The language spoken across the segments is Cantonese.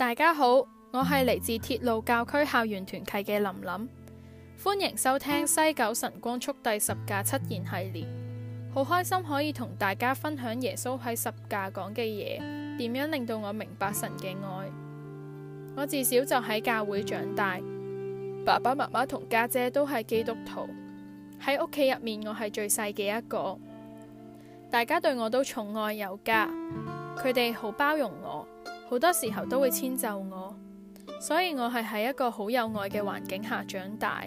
大家好，我係嚟自鐵路教區校園團契嘅琳琳，歡迎收聽西九神光速遞十架七言系列。好開心可以同大家分享耶穌喺十架講嘅嘢，點樣令到我明白神嘅愛。我自小就喺教會長大，爸爸媽媽同家姐、姐都係基督徒，喺屋企入面我係最細嘅一個，大家對我都寵愛有加，佢哋好包容我。好多時候都會遷就我，所以我係喺一個好有愛嘅環境下長大。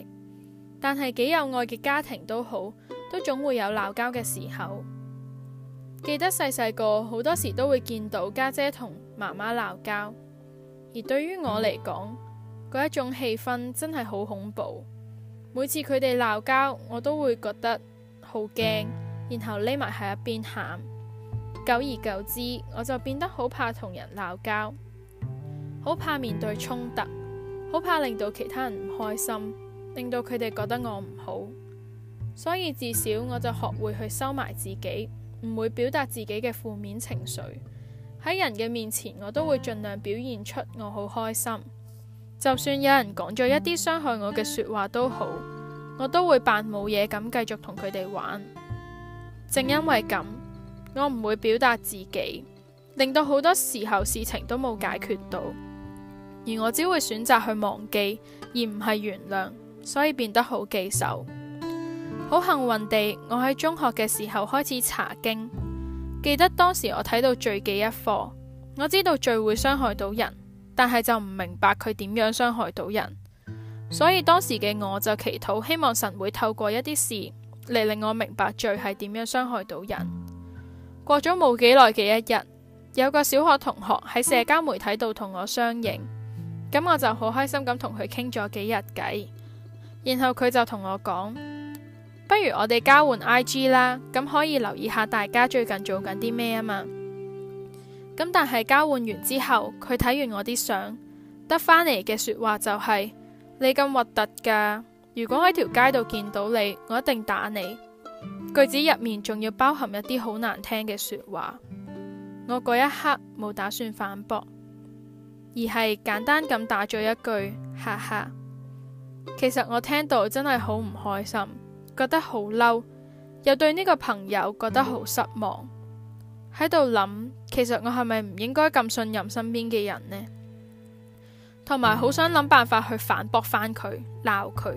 但係幾有愛嘅家庭都好，都總會有鬧交嘅時候。記得細細個好多時都會見到家姐同媽媽鬧交，而對於我嚟講，嗰一種氣氛真係好恐怖。每次佢哋鬧交，我都會覺得好驚，然後匿埋喺一邊喊。久而久之，我就變得好怕同人鬧交，好怕面對衝突，好怕令到其他人唔開心，令到佢哋覺得我唔好。所以至少我就學會去收埋自己，唔會表達自己嘅負面情緒。喺人嘅面前，我都會盡量表現出我好開心，就算有人講咗一啲傷害我嘅說話都好，我都會扮冇嘢咁繼續同佢哋玩。正因為咁。我唔會表達自己，令到好多時候事情都冇解決到，而我只會選擇去忘記，而唔係原諒，所以變得好記仇。好幸運地，我喺中學嘅時候開始查經，記得當時我睇到罪記一課，我知道罪會傷害到人，但係就唔明白佢點樣傷害到人。所以當時嘅我就祈禱，希望神會透過一啲事嚟，令我明白罪係點樣傷害到人。過咗冇幾耐嘅一日，有個小學同學喺社交媒體度同我相認，咁我就好開心咁同佢傾咗幾日偈，然後佢就同我講：不如我哋交換 IG 啦，咁可以留意下大家最近做緊啲咩啊嘛。咁但係交換完之後，佢睇完我啲相，得返嚟嘅說話就係：你咁核突噶，如果喺條街度見到你，我一定打你。句子入面仲要包含一啲好難聽嘅說話，我嗰一刻冇打算反駁，而係簡單咁打咗一句，哈哈。其實我聽到真係好唔開心，覺得好嬲，又對呢個朋友覺得好失望，喺度諗，其實我係咪唔應該咁信任身邊嘅人呢？同埋好想諗辦法去反駁翻佢，鬧佢。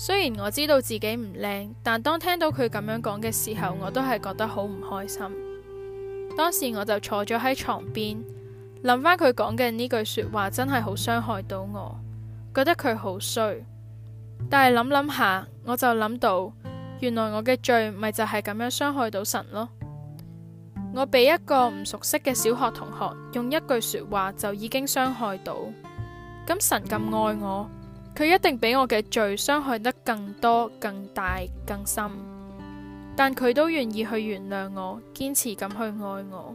雖然我知道自己唔靚，但當聽到佢咁樣講嘅時候，我都係覺得好唔開心。當時我就坐咗喺床邊，諗返佢講嘅呢句說話，真係好傷害到我，覺得佢好衰。但係諗諗下，我就諗到，原來我嘅罪咪就係咁樣傷害到神咯。我俾一個唔熟悉嘅小學同學用一句說話就已經傷害到，咁神咁愛我。佢一定比我嘅罪傷害得更多、更大、更深，但佢都願意去原諒我，堅持咁去愛我。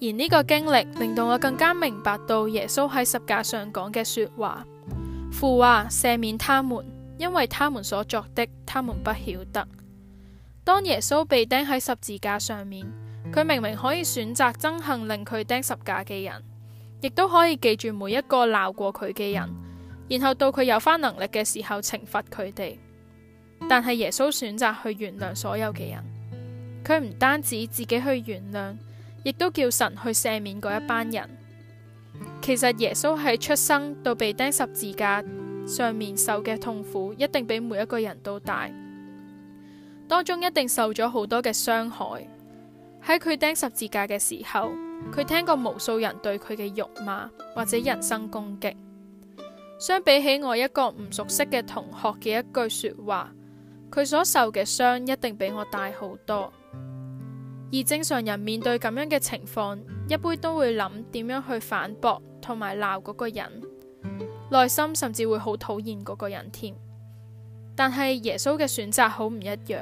而呢個經歷令到我更加明白到耶穌喺十架上講嘅說話：父啊，赦免他們，因為他們所作的，他們不曉得。當耶穌被釘喺十字架上面，佢明明可以選擇憎恨令佢釘十架嘅人，亦都可以記住每一個鬧過佢嘅人。然後到佢有返能力嘅時候懲罰佢哋，但係耶穌選擇去原諒所有嘅人，佢唔單止自己去原諒，亦都叫神去赦免嗰一班人。其實耶穌喺出生到被釘十字架上面受嘅痛苦，一定比每一個人都大，當中一定受咗好多嘅傷害。喺佢釘十字架嘅時候，佢聽過無數人對佢嘅辱罵或者人身攻擊。相比起我一個唔熟悉嘅同學嘅一句說話，佢所受嘅傷一定比我大好多。而正常人面對咁樣嘅情況，一般都會諗點樣去反駁同埋鬧嗰個人，內心甚至會好討厭嗰個人添。但係耶穌嘅選擇好唔一樣，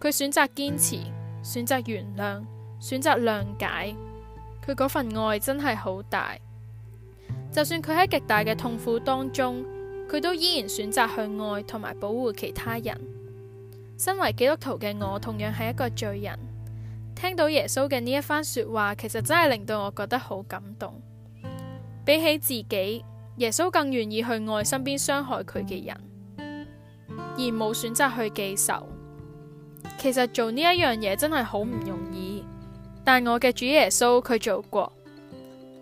佢選擇堅持，選擇原諒，選擇諒解，佢嗰份愛真係好大。就算佢喺極大嘅痛苦當中，佢都依然選擇去愛同埋保護其他人。身為基督徒嘅我，同樣係一個罪人。聽到耶穌嘅呢一番說話，其實真係令到我覺得好感動。比起自己，耶穌更願意去愛身邊傷害佢嘅人，而冇選擇去記仇。其實做呢一樣嘢真係好唔容易，但我嘅主耶穌佢做過。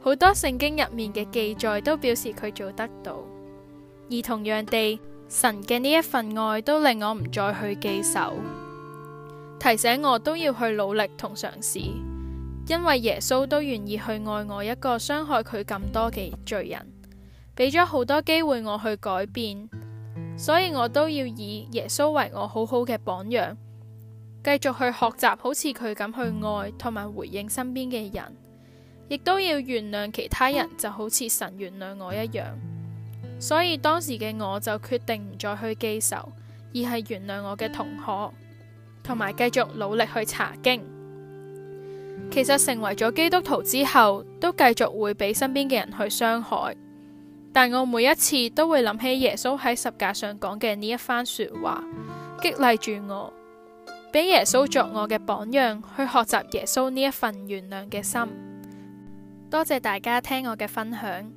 好多聖經入面嘅記載都表示佢做得到，而同樣地，神嘅呢一份愛都令我唔再去記仇，提醒我都要去努力同嘗試，因為耶穌都願意去愛我一個傷害佢咁多嘅罪人，俾咗好多機會我去改變，所以我都要以耶穌為我好好嘅榜樣，繼續去學習好似佢咁去愛，同埋回應身邊嘅人。亦都要原諒其他人，就好似神原諒我一樣。所以當時嘅我就決定唔再去記仇，而係原諒我嘅同學，同埋繼續努力去查經。其實成為咗基督徒之後，都繼續會俾身邊嘅人去傷害，但我每一次都會諗起耶穌喺十架上講嘅呢一番說話，激勵住我，俾耶穌作我嘅榜樣，去學習耶穌呢一份原諒嘅心。多謝大家聽我嘅分享。